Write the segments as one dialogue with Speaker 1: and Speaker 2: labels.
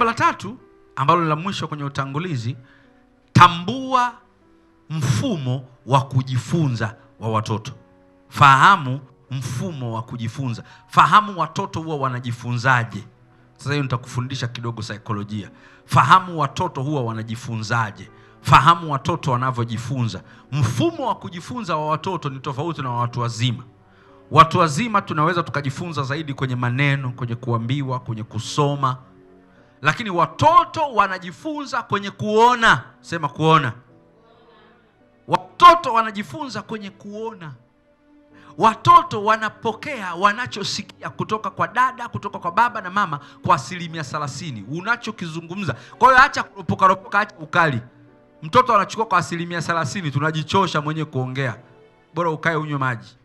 Speaker 1: Jambo la tatu ambalo ni la mwisho kwenye utangulizi, tambua mfumo wa kujifunza wa watoto. Fahamu mfumo wa kujifunza, fahamu watoto huwa wanajifunzaje. Sasa hiyo nitakufundisha kidogo saikolojia. Fahamu watoto huwa wanajifunzaje, fahamu watoto wanavyojifunza. Mfumo wa kujifunza wa watoto ni tofauti na watu wazima. Watu wazima tunaweza tukajifunza zaidi kwenye maneno, kwenye kuambiwa, kwenye kusoma lakini watoto wanajifunza kwenye kuona. Sema kuona. Watoto wanajifunza kwenye kuona. Watoto wanapokea wanachosikia kutoka kwa dada, kutoka kwa baba na mama kwa asilimia thelathini, unachokizungumza. Kwa hiyo acha kuropokaropoka hacha ukali. Mtoto anachukua kwa asilimia thelathini. Tunajichosha mwenyewe kuongea, bora ukae unywe maji.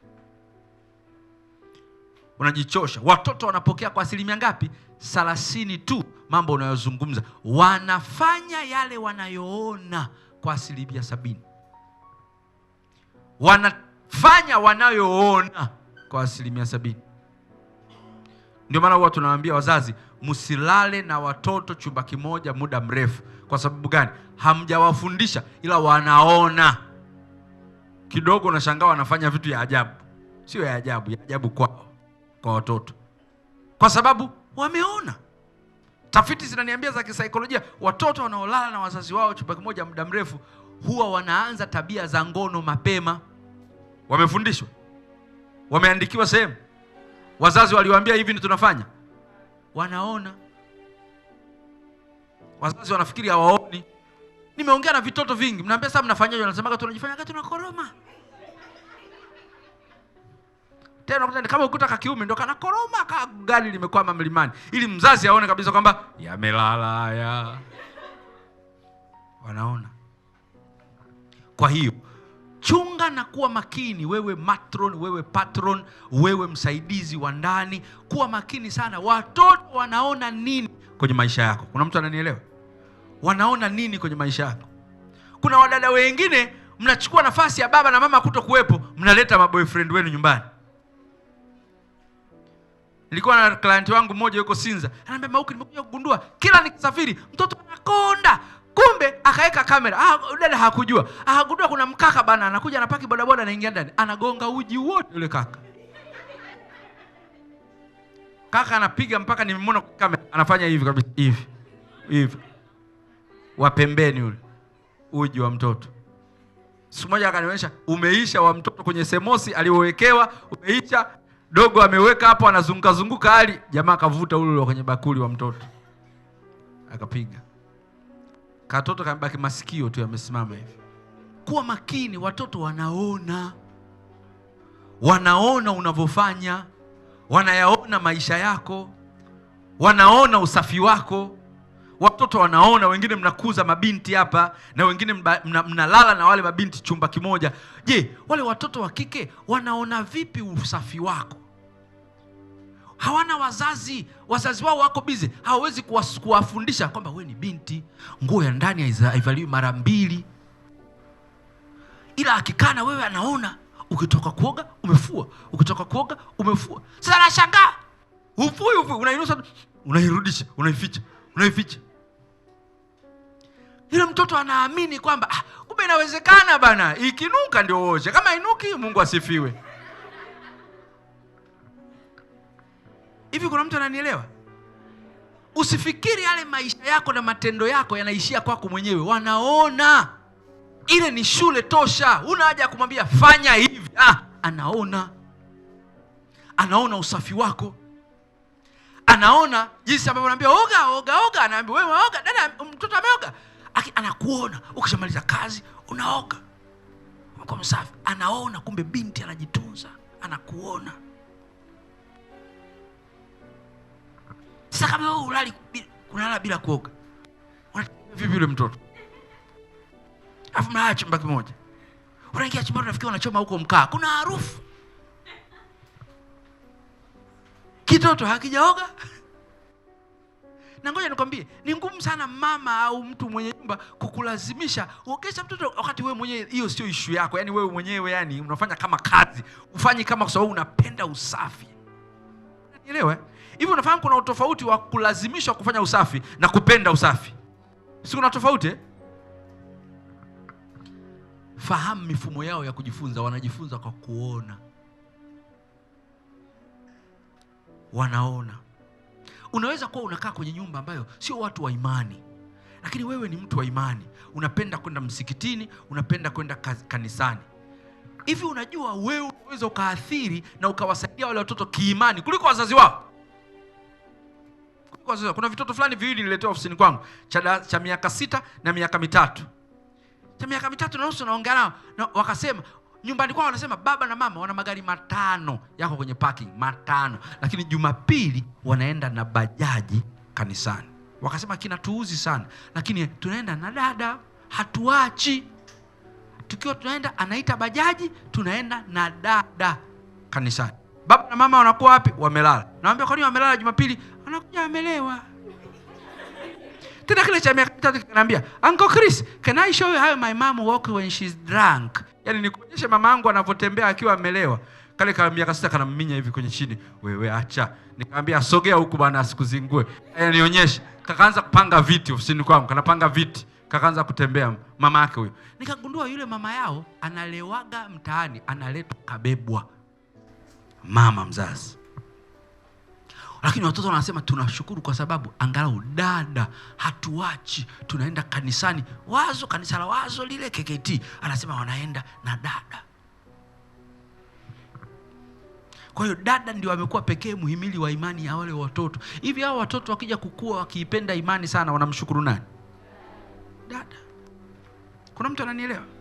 Speaker 1: Unajichosha. Watoto wanapokea kwa asilimia ngapi? thelathini tu mambo unayozungumza, wanafanya yale wanayoona kwa asilimia sabini. Wanafanya wanayoona kwa asilimia sabini. Ndio maana huwa tunawaambia wazazi msilale na watoto chumba kimoja muda mrefu. Kwa sababu gani? Hamjawafundisha, ila wanaona kidogo. Unashangaa wanafanya vitu ya ajabu, sio ya ajabu, ya ajabu kwao, kwa watoto, kwa sababu wameona. Tafiti zinaniambia za kisaikolojia, watoto wanaolala na wazazi wao chumba kimoja muda mrefu huwa wanaanza tabia za ngono mapema. Wamefundishwa, wameandikiwa sehemu, wazazi waliwaambia hivi ndio tunafanya, wanaona. Wazazi wanafikiri hawaoni. Nimeongea na vitoto vingi, mnaambia sasa mnafanyaje? Wanasemaga tunajifanya kati tunakoroma tena kama ukuta ka kiume ndo kanakoroma ka gari limekwama mlimani, ili mzazi aone kabisa kwamba yamelala haya, wanaona. Kwa hiyo chunga na kuwa makini, wewe matron, wewe patron, wewe msaidizi wa ndani, kuwa makini sana. Watoto wanaona nini kwenye maisha yako? Kuna mtu ananielewa? Wanaona nini kwenye maisha yako? Kuna wadada wengine mnachukua nafasi ya baba na mama kuto kuwepo, mnaleta maboyfriend wenu nyumbani Nilikuwa na client wangu mmoja yuko Sinza, ananiambia Mauki, nimekuja kugundua kila nikisafiri mtoto anakonda. Kumbe akaweka kamera. Ah, dada hakujua. Akagundua kuna mkaka bana anakuja anapaki bodaboda anaingia ndani. Anagonga uji wote yule kaka. Kaka anapiga mpaka nimemwona kwa kamera. Anafanya hivi kabisa hivi. Hivi. Wa pembeni yule. Uji wa mtoto. Siku moja akanionyesha umeisha wa mtoto kwenye semosi aliowekewa, umeisha dogo ameweka hapo, anazunguka zunguka hali jamaa akavuta ule kwenye bakuli wa mtoto akapiga katoto, kamebaki masikio tu yamesimama hivi. Kuwa makini, watoto wanaona, wanaona unavyofanya, wanayaona maisha yako, wanaona usafi wako watoto wanaona. Wengine mnakuza mabinti hapa na wengine mna, mnalala na wale mabinti chumba kimoja. Je, wale watoto wa kike wanaona vipi usafi wako? hawana wazazi, wazazi wao wako bizi hawawezi kuwafundisha kwamba wewe ni binti, nguo ya ndani haivaliwi mara mbili, ila akikana wewe anaona ukitoka kuoga umefua, ukitoka kuoga umefua. Sasa anashangaa, ufui ufui, unainusa unairudisha, unaificha, unaificha. Yule mtoto anaamini kwamba ah, kumbe inawezekana bana, ikinuka ndio osha, kama inuki, Mungu asifiwe. Hivi kuna mtu ananielewa? Usifikiri yale maisha yako na matendo yako yanaishia kwako mwenyewe, wanaona. Ile ni shule tosha, huna haja ya kumwambia fanya hivi. Ah, anaona, anaona usafi wako, anaona jinsi ambavyo anaambia oga oga oga, anaambia wewe oga, dada mtoto ameoga, anakuona ukishamaliza kazi unaoga, uko msafi, anaona. Kumbe binti anajitunza, anakuona. Sasa kama wewe ulali kulala bila kuoga, vipi yule mtoto? Afu mnaacha chumba kimoja, unaingia chumba, rafiki unachoma huko mkaa, kuna harufu. Kitoto hakijaoga na ngoja nikwambie, ni ngumu sana mama au mtu mwenye nyumba kukulazimisha uogesha mtoto wakati wewe mwenyewe, hiyo sio ishu yako. Yani wewe mwenyewe, yani unafanya kama kazi, ufanyi kama, kwa sababu unapenda usafi. Unielewe? Hivi unafahamu kuna utofauti wa kulazimishwa kufanya usafi na kupenda usafi? Si kuna tofauti eh? Fahamu mifumo yao ya kujifunza. Wanajifunza kwa kuona, wanaona. Unaweza kuwa unakaa kwenye nyumba ambayo sio watu wa imani, lakini wewe ni mtu wa imani, unapenda kwenda msikitini, unapenda kwenda kanisani. Hivi unajua wewe unaweza ukaathiri na ukawasaidia wale watoto kiimani kuliko wazazi wao? kwa sasa. Kuna vitoto fulani viwili niletea ofisini kwangu cha, cha miaka sita na miaka mitatu cha miaka mitatu na nusu naongea nao na wakasema nyumbani kwao wanasema baba na mama wana magari matano yako kwenye parking matano, lakini Jumapili wanaenda na bajaji kanisani. Wakasema kinatuuzi sana, lakini tunaenda na dada, hatuachi. Tukiwa tunaenda anaita bajaji, tunaenda na dada kanisani. Baba na mama wanakuwa wapi? Wamelala. Naambia, kwani wamelala Jumapili? anakuja amelewa tena kile cha miaka mitatu Uncle Chris, can I show you how my mom walk when she's drunk? Yani nikuonyeshe mama anavyotembea akiwa amelewa. Kale ka miaka sita hivi kwenye chini. Wewe acha. Nikamwambia sogea huku asikuzingue. Eh, nionyeshe. Kakaanza kupanga viti ofisini kwangu, kanapanga viti. Kakaanza kutembea mama yake huyo. Nikagundua yule mama yao analewaga mtaani, analetwa kabebwa. Mama mzazi lakini watoto wanasema tunashukuru kwa sababu angalau dada hatuachi, tunaenda kanisani. Wazo kanisa la wazo lile KKT, anasema wanaenda na dada. Kwa hiyo dada ndio amekuwa pekee muhimili wa imani ya wale watoto. Hivi hao watoto wakija kukua, wakiipenda imani sana, wanamshukuru nani? Dada. Kuna mtu ananielewa?